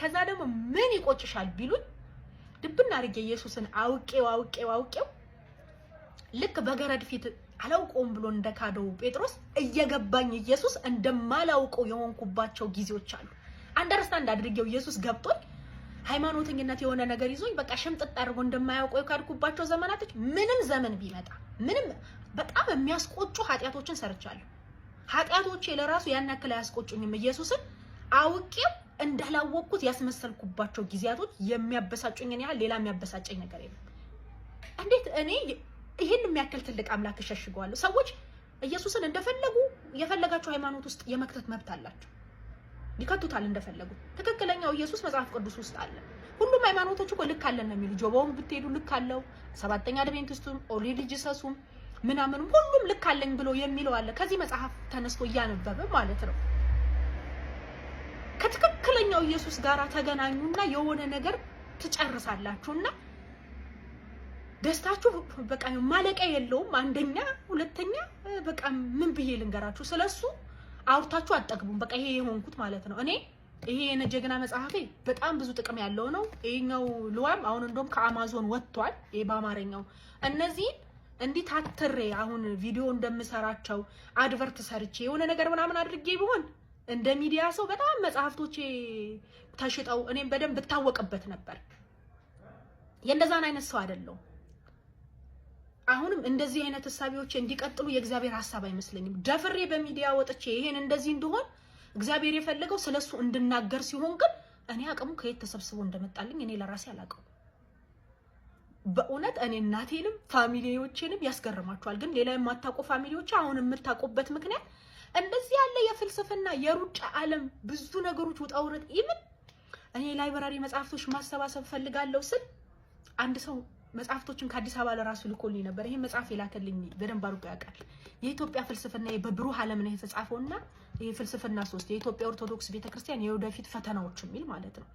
ከዛ ደግሞ ምን ይቆጭሻል ቢሉኝ ድብና አድርጌ ኢየሱስን አውቄው አውቄው አውቄው ልክ በገረድ ፊት አላውቀውም ብሎ እንደካደው ጴጥሮስ እየገባኝ ኢየሱስ እንደማላውቀው የሆንኩባቸው ጊዜዎች አሉ። አንደርስታንድ አድርጌው ኢየሱስ ገብቶኝ ሃይማኖተኝነት የሆነ ነገር ይዞኝ በቃ ሽምጥጥ አድርጎ እንደማያውቀው የካድኩባቸው ዘመናቶች ምንም ዘመን ቢመጣ ምንም በጣም የሚያስቆጩ ኃጢአቶችን ሰርቻለሁ። ኃጢአቶቼ ለራሱ ያን ያክል አያስቆጩኝም። ኢየሱስን አውቄው እንዳላወቅኩት ያስመሰልኩባቸው ጊዜያቶች የሚያበሳጩኝን ያህል ሌላ የሚያበሳጨኝ ነገር የለም። እንዴት እኔ ይህን የሚያክል ትልቅ አምላክ እሸሽገዋለሁ? ሰዎች ኢየሱስን እንደፈለጉ የፈለጋቸው ሃይማኖት ውስጥ የመክተት መብት አላቸው። ይከቱታል እንደፈለጉ። ትክክለኛው ኢየሱስ መጽሐፍ ቅዱስ ውስጥ አለ። ሁሉም ሃይማኖቶች እኮ ልክ አለን ነው የሚሉ። ጆባውም ብትሄዱ ልክ አለው፣ ሰባተኛ አድቬንቲስቱም ኦር ሪሊጅሰሱም ምናምንም ሁሉም ልክ አለኝ ብሎ የሚለው አለ። ከዚህ መጽሐፍ ተነስቶ እያነበበ ማለት ነው። ከትክክለኛው ኢየሱስ ጋር ተገናኙና የሆነ ነገር ትጨርሳላችሁና ደስታችሁ በቃ ማለቂያ የለውም። አንደኛ፣ ሁለተኛ በቃ ምን ብዬ ልንገራችሁ ስለሱ አውርታችሁ አጠግቡም። በቃ ይሄ የሆንኩት ማለት ነው እኔ ይሄ የነ ጀግና መጽሐፌ በጣም ብዙ ጥቅም ያለው ነው። ይሄኛው ልዋም አሁን እንደውም ከአማዞን ወጥቷል። ይሄ በአማርኛው እነዚህን እንዲህ ታትሬ አሁን ቪዲዮ እንደምሰራቸው አድቨርት ሰርቼ የሆነ ነገር ምናምን አድርጌ ቢሆን እንደ ሚዲያ ሰው በጣም መጽሐፍቶቼ ተሽጠው እኔም በደንብ ብታወቅበት ነበር። የእንደዛን አይነት ሰው አይደለሁም። አሁንም እንደዚህ አይነት ሀሳቢዎች እንዲቀጥሉ የእግዚአብሔር ሀሳብ አይመስለኝም። ደፍሬ በሚዲያ ወጥቼ ይሄን እንደዚህ እንደሆን እግዚአብሔር የፈለገው ስለሱ እንድናገር ሲሆን ግን እኔ አቅሙ ከየት ተሰብስቦ እንደመጣልኝ እኔ ለራሴ አላውቅም። በእውነት እኔ እናቴንም ፋሚሊዎቼንም ያስገርማቸዋል። ግን ሌላ የማታውቁ ፋሚሊዎች አሁን የምታውቁበት ምክንያት እንደዚህ ያለ የፍልስፍና የሩጫ ዓለም ብዙ ነገሮች ውጣ ውረድ ይምን እኔ ላይብራሪ መጽሐፍቶች ማሰባሰብ ፈልጋለሁ ስል አንድ ሰው መጽሐፍቶችን ከአዲስ አበባ ለራሱ ልኮልኝ ነበር። ይሄ መጽሐፍ የላከልኝ በደንብ አድርጎ ያውቃል። የኢትዮጵያ ፍልስፍና በብሩህ ዓለም ነው የተጻፈውና ይሄ ፍልስፍና ሶስት የኢትዮጵያ ኦርቶዶክስ ቤተክርስቲያን የወደፊት ፈተናዎች የሚል ማለት ነው።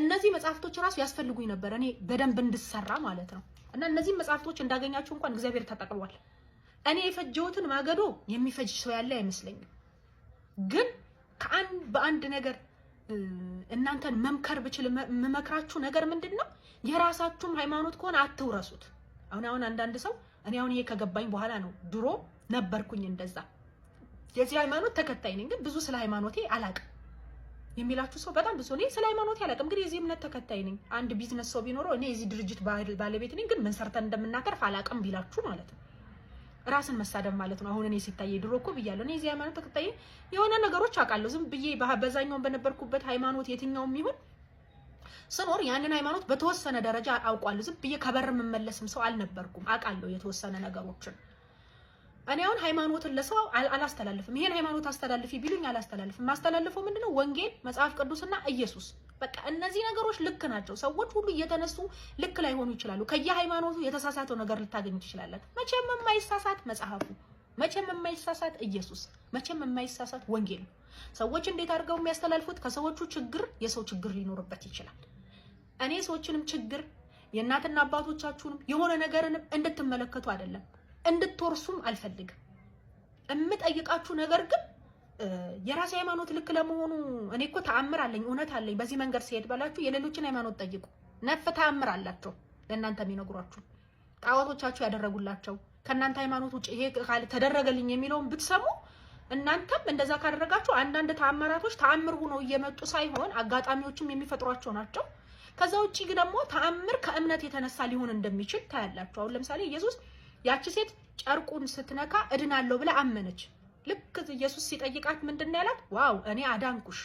እነዚህ መጽሐፍቶች ራሱ ያስፈልጉኝ ነበር እኔ በደንብ እንድሰራ ማለት ነው። እና እነዚህ መጽሐፍቶች እንዳገኛቸው እንኳን እግዚአብሔር ተጠቅሟል። እኔ የፈጀሁትን ማገዶ የሚፈጅ ሰው ያለ አይመስለኝም። ግን ከአንድ በአንድ ነገር እናንተን መምከር ብችል የምመክራችሁ ነገር ምንድን ነው? የራሳችሁም ሃይማኖት ከሆነ አትውረሱት። አሁን አሁን አንዳንድ ሰው እኔ አሁን ይሄ ከገባኝ በኋላ ነው። ድሮ ነበርኩኝ እንደዛ የዚህ ሃይማኖት ተከታይ ነኝ፣ ግን ብዙ ስለ ሃይማኖቴ አላቅም የሚላችሁ ሰው በጣም ብዙ። እኔ ስለ ሃይማኖቴ አላቅም፣ ግን የዚህ እምነት ተከታይ ነኝ። አንድ ቢዝነስ ሰው ቢኖረው እኔ የዚህ ድርጅት ባለቤት ነኝ፣ ግን ምን ሰርተን እንደምናተርፍ አላቅም ቢላችሁ ማለት ነው ራስን መሳደብ ማለት ነው። አሁን እኔ ሲታየ ድሮ እኮ ብያለሁ። እኔ የዚህ ሃይማኖት ተከታይ የሆነ ነገሮች አውቃለሁ። ዝም ብዬ በዛኛውን በነበርኩበት ሃይማኖት የትኛውም ይሁን ስኖር ያንን ሃይማኖት በተወሰነ ደረጃ አውቋለሁ። ዝም ብዬ ከበር የምመለስም ሰው አልነበርኩም። አውቃለሁ የተወሰነ ነገሮችን እኔ አሁን ሃይማኖትን ለሰው አላስተላልፍም። ይሄን ሃይማኖት አስተላልፊ ቢሉኝ አላስተላልፍም። ማስተላልፈው ምንድነው? ወንጌል፣ መጽሐፍ ቅዱስና ኢየሱስ። በቃ እነዚህ ነገሮች ልክ ናቸው። ሰዎች ሁሉ እየተነሱ ልክ ላይ ሆኑ ይችላሉ። ከየሃይማኖቱ የተሳሳተው ነገር ልታገኙ ትችላለን። መቼም የማይሳሳት መጽሐፉ፣ መቼም የማይሳሳት ኢየሱስ፣ መቼም የማይሳሳት ወንጌል። ሰዎች እንዴት አድርገው የሚያስተላልፉት? ከሰዎቹ ችግር የሰው ችግር ሊኖርበት ይችላል። እኔ ሰዎችንም ችግር የእናትና አባቶቻችሁንም የሆነ ነገርንም እንድትመለከቱ አይደለም እንድትወርሱም አልፈልግም። የምጠይቃችሁ ነገር ግን የራሴ ሃይማኖት ልክ ለመሆኑ እኔ እኮ ተአምር አለኝ እውነት አለኝ በዚህ መንገድ ሲሄድ በላችሁ የሌሎችን ሃይማኖት ጠይቁ። ነፍ ተአምር አላቸው ለእናንተ የሚነግሯችሁ ጣዖቶቻችሁ ያደረጉላቸው ከእናንተ ሃይማኖት ውጭ ይሄ ተደረገልኝ የሚለውን ብትሰሙ እናንተም እንደዛ ካደረጋችሁ አንዳንድ ተአምራቶች ተአምር ሆነው እየመጡ ሳይሆን አጋጣሚዎችም የሚፈጥሯቸው ናቸው። ከዛ ውጭ ደግሞ ተአምር ከእምነት የተነሳ ሊሆን እንደሚችል ታያላችሁ። አሁን ለምሳሌ ኢየሱስ ያቺ ሴት ጨርቁን ስትነካ እድናለሁ ብላ አመነች። ልክ ኢየሱስ ሲጠይቃት ምንድን ነው ያላት? ዋው እኔ አዳንኩሽ፣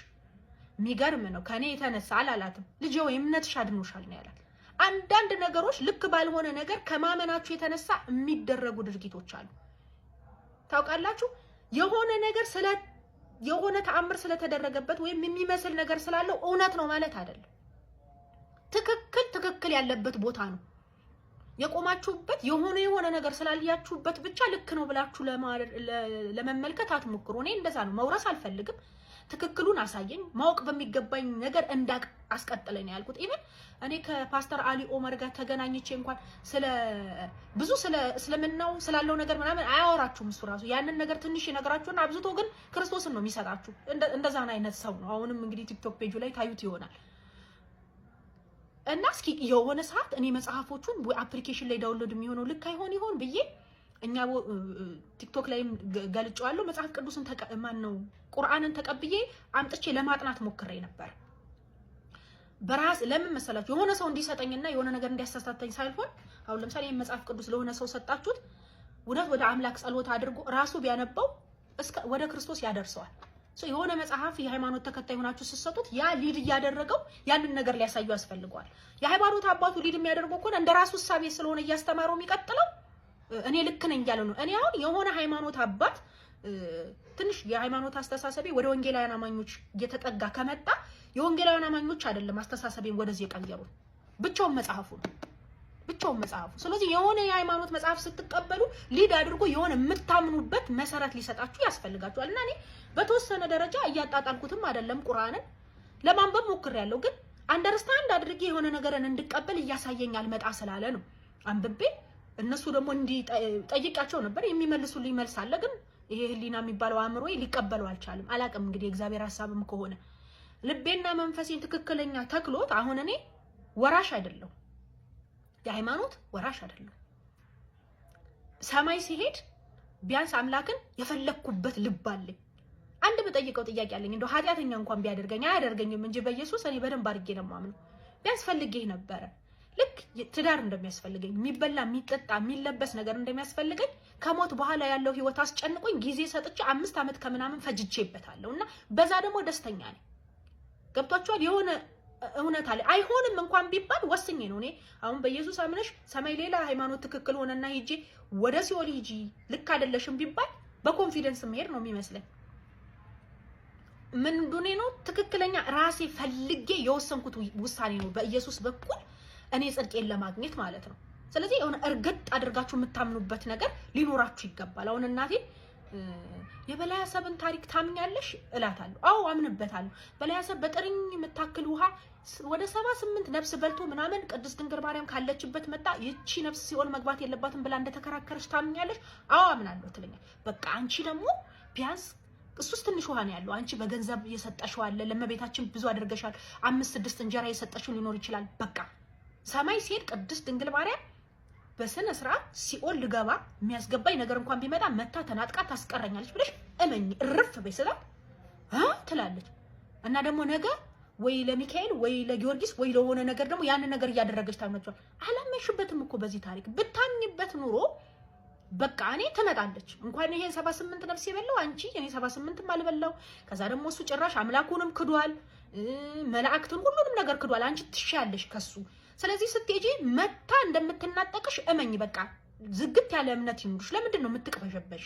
የሚገርም ነው ከእኔ የተነሳ አላላትም። ልጅ ወይ እምነትሽ አድኖሻል ነው ያላት። አንዳንድ ነገሮች ልክ ባልሆነ ነገር ከማመናችሁ የተነሳ የሚደረጉ ድርጊቶች አሉ። ታውቃላችሁ የሆነ ነገር ስለ የሆነ ተአምር ስለተደረገበት ወይም የሚመስል ነገር ስላለው እውነት ነው ማለት አይደለም። ትክክል ትክክል ያለበት ቦታ ነው የቆማችሁበት የሆነ የሆነ ነገር ስላልያችሁበት ብቻ ልክ ነው ብላችሁ ለመመልከት አትሞክሩ። እኔ እንደዛ ነው፣ መውረስ አልፈልግም። ትክክሉን አሳየኝ፣ ማወቅ በሚገባኝ ነገር እንዳቅ አስቀጥለኝ ያልኩት። ኢቨን እኔ ከፓስተር አሊ ኦመር ጋር ተገናኝቼ እንኳን ስለ ብዙ ስለ እስልምናው ስላለው ነገር ምናምን አያወራችሁም። እሱ ራሱ ያንን ነገር ትንሽ ይነግራችሁና አብዝቶ ግን ክርስቶስን ነው የሚሰጣችሁ። እንደዛን አይነት ሰው ነው። አሁንም እንግዲህ ቲክቶክ ፔጁ ላይ ታዩት ይሆናል። እና እስኪ የሆነ ሰዓት እኔ መጽሐፎቹን አፕሊኬሽን ላይ ዳውንሎድ የሚሆነው ልክ አይሆን ይሆን ብዬ እኛ ቲክቶክ ላይም ገልጬዋለሁ። መጽሐፍ ቅዱስን ማን ነው ቁርአንን ተቀብዬ አምጥቼ ለማጥናት ሞክሬ ነበር። በራስ ለምን መሰላችሁ የሆነ ሰው እንዲሰጠኝና የሆነ ነገር እንዲያሳሳተኝ ሳይሆን፣ አሁን ለምሳሌ ይህ መጽሐፍ ቅዱስ ለሆነ ሰው ሰጣችሁት፣ እውነት ወደ አምላክ ጸሎት አድርጎ ራሱ ቢያነባው ወደ ክርስቶስ ያደርሰዋል። የሆነ መጽሐፍ የሃይማኖት ተከታይ ሆናችሁ ስትሰጡት ያ ሊድ እያደረገው ያንን ነገር ሊያሳዩ ያስፈልገዋል። የሃይማኖት አባቱ ሊድ የሚያደርገው ከሆነ እንደ ራሱ እሳቤ ስለሆነ እያስተማረው የሚቀጥለው እኔ ልክ ነኝ እያለ ነው። እኔ አሁን የሆነ ሃይማኖት አባት ትንሽ የሃይማኖት አስተሳሰቤ ወደ ወንጌላውያን አማኞች እየተጠጋ ከመጣ የወንጌላውያን አማኞች አይደለም አስተሳሰቤን ወደዚህ የቀየሩ ብቻውን መጽሐፉ ነው። ብቻውን መጽሐፉ። ስለዚህ የሆነ የሃይማኖት መጽሐፍ ስትቀበሉ ሊድ አድርጎ የሆነ የምታምኑበት መሰረት ሊሰጣችሁ ያስፈልጋችኋል። እና እኔ በተወሰነ ደረጃ እያጣጣልኩትም አይደለም ቁርአንን ለማንበብ ሞክሬያለሁ፣ ግን አንደርስታንድ አድርጌ የሆነ ነገርን እንድቀበል እያሳየኝ አልመጣ ስላለ ነው አንብቤ እነሱ ደግሞ እንዲጠይቃቸው ነበር የሚመልሱልኝ መልስ አለ፣ ግን ይሄ ህሊና የሚባለው አእምሮ ሊቀበሉ አልቻልም። አላቅም እንግዲህ እግዚአብሔር ሀሳብም ከሆነ ልቤና መንፈሴን ትክክለኛ ተክሎት አሁን እኔ ወራሽ አይደለሁ የሃይማኖት ወራሽ አይደለም። ሰማይ ሲሄድ ቢያንስ አምላክን የፈለግኩበት ልብ አለኝ። አንድ በጠይቀው ጥያቄ አለኝ። እንደው ኃጢአተኛ እንኳን ቢያደርገኝ አያደርገኝም እንጂ በኢየሱስ እኔ በደንብ አድርጌ ነው የማምነው። ቢያንስ ፈልጌ ነበረ። ልክ ትዳር እንደሚያስፈልገኝ የሚበላ የሚጠጣ የሚለበስ ነገር እንደሚያስፈልገኝ ከሞት በኋላ ያለው ህይወት አስጨንቆኝ ጊዜ ሰጥቼ አምስት ዓመት ከምናምን ፈጅቼበታለሁ እና በዛ ደግሞ ደስተኛ ነኝ። ገብቷችኋል? የሆነ እውነት አለ አይሆንም እንኳን ቢባል ወስኜ ነው እኔ አሁን በኢየሱስ አምነሽ ሰማይ ሌላ ሃይማኖት ትክክል ሆነና ሂጂ ወደ ሲኦል ሂጂ ልክ አይደለሽም ቢባል በኮንፊደንስ መሄድ ነው የሚመስለኝ። ዱኔ ነው ትክክለኛ ራሴ ፈልጌ የወሰንኩት ውሳኔ ነው በኢየሱስ በኩል እኔ ጽድቄን ለማግኘት ማለት ነው። ስለዚህ የሆነ እርግጥ አድርጋችሁ የምታምኑበት ነገር ሊኖራችሁ ይገባል። አሁን እናቴ የበላይ ሀሳብን ታሪክ ታምኛለሽ እላታለሁ። አዎ አምንበታለሁ። በላይ ሀሳብ በጥርኝ የምታክል ውሃ ወደ ሰባ ስምንት ነፍስ በልቶ ምናምን ቅድስት ድንግል ማርያም ካለችበት መጣ ይቺ ነፍስ ሲኦል መግባት የለባትም ብላ እንደተከራከረች ታምኛለሽ? አዎ አምናለሁ ትለኛል። በቃ አንቺ ደግሞ ቢያንስ እሱስ ትንሽ ውሃ ነው ያለው። አንቺ በገንዘብ የሰጠሽው አለ፣ ለመቤታችን ብዙ አድርገሻል። አምስት ስድስት እንጀራ የሰጠሽው ሊኖር ይችላል። በቃ ሰማይ ሲሄድ ቅድስት ድንግል ማርያም በስነ ስርዓት ሲኦል ልገባ የሚያስገባኝ ነገር እንኳን ቢመጣ መታ ተናጥቃ ታስቀረኛለች ብለሽ እመኝ እርፍ በይሰጣ ትላለች። እና ደግሞ ነገ ወይ ለሚካኤል ወይ ለጊዮርጊስ ወይ ለሆነ ነገር ደግሞ ያንን ነገር እያደረገች ታመጫዋል። አላመሽበትም እኮ በዚህ ታሪክ ብታምኝበት ኑሮ በቃ እኔ ትመጣለች። እንኳን ይሄን ሰባ ስምንት ነፍስ የበላው አንቺ እኔ ሰባ ስምንትም አልበላው። ከዛ ደግሞ እሱ ጭራሽ አምላኩንም ክዷል፣ መላእክትን ሁሉንም ነገር ክዷል። አንቺ ትሻያለሽ ከሱ ስለዚህ ስትሄጂ መታ እንደምትናጠቅሽ እመኝ። በቃ ዝግት ያለ እምነት ይኑርሽ። ለምንድን ነው የምትቅበሸበሽ?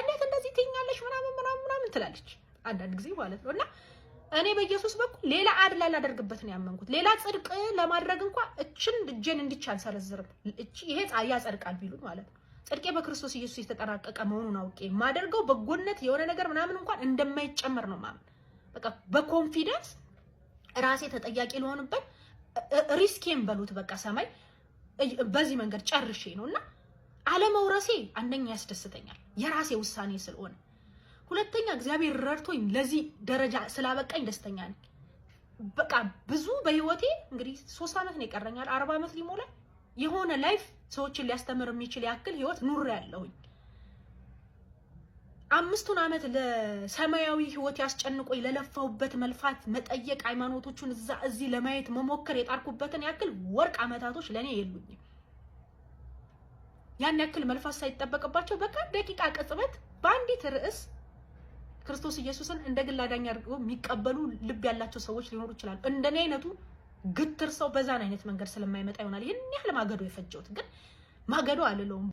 እንዴት እንደዚህ ትኛለሽ? ምናምን ምናምን ምናምን ትላለች አንዳንድ ጊዜ ማለት ነው እና እኔ በኢየሱስ በኩል ሌላ አድል ላላደርግበት ነው ያመንኩት። ሌላ ጽድቅ ለማድረግ እንኳ እችን እጄን እንዲች አልሰረዝርም። ይሄ ያጸድቃል ቢሉ ማለት ነው። ጽድቄ በክርስቶስ ኢየሱስ የተጠናቀቀ መሆኑን አውቄ የማደርገው በጎነት የሆነ ነገር ምናምን እንኳን እንደማይጨመር ነው ማለት በቃ በኮንፊደንስ ራሴ ተጠያቂ ልሆንበት ሪስኬን በሉት በቃ ሰማይ በዚህ መንገድ ጨርሼ ነው እና አለመውረሴ አንደኛ ያስደስተኛል፣ የራሴ ውሳኔ ስለሆነ፣ ሁለተኛ እግዚአብሔር ረድቶኝ ለዚህ ደረጃ ስላበቃኝ ደስተኛ ነኝ። በቃ ብዙ በህይወቴ እንግዲህ ሶስት ዓመት ነው ይቀረኛል፣ አርባ ዓመት ሊሞላ የሆነ ላይፍ ሰዎችን ሊያስተምር የሚችል ያክል ህይወት ኑሬ ያለሁኝ አምስቱን ዓመት ለሰማያዊ ህይወት ያስጨንቆኝ ለለፋውበት መልፋት መጠየቅ ሃይማኖቶቹን እዛ እዚህ ለማየት መሞከር የጣርኩበትን ያክል ወርቅ ዓመታቶች ለእኔ የሉኝም። ያን ያክል መልፋት ሳይጠበቅባቸው በቃ ደቂቃ ቅጽበት በአንዲት ርዕስ ክርስቶስ ኢየሱስን እንደ ግል አዳኝ አድርገው የሚቀበሉ ልብ ያላቸው ሰዎች ሊኖሩ ይችላሉ። እንደኔ አይነቱ ግትር ሰው በዛን አይነት መንገድ ስለማይመጣ ይሆናል ይህን ያህል ማገዶ የፈጀሁት ግን ማገዶ አልለውም።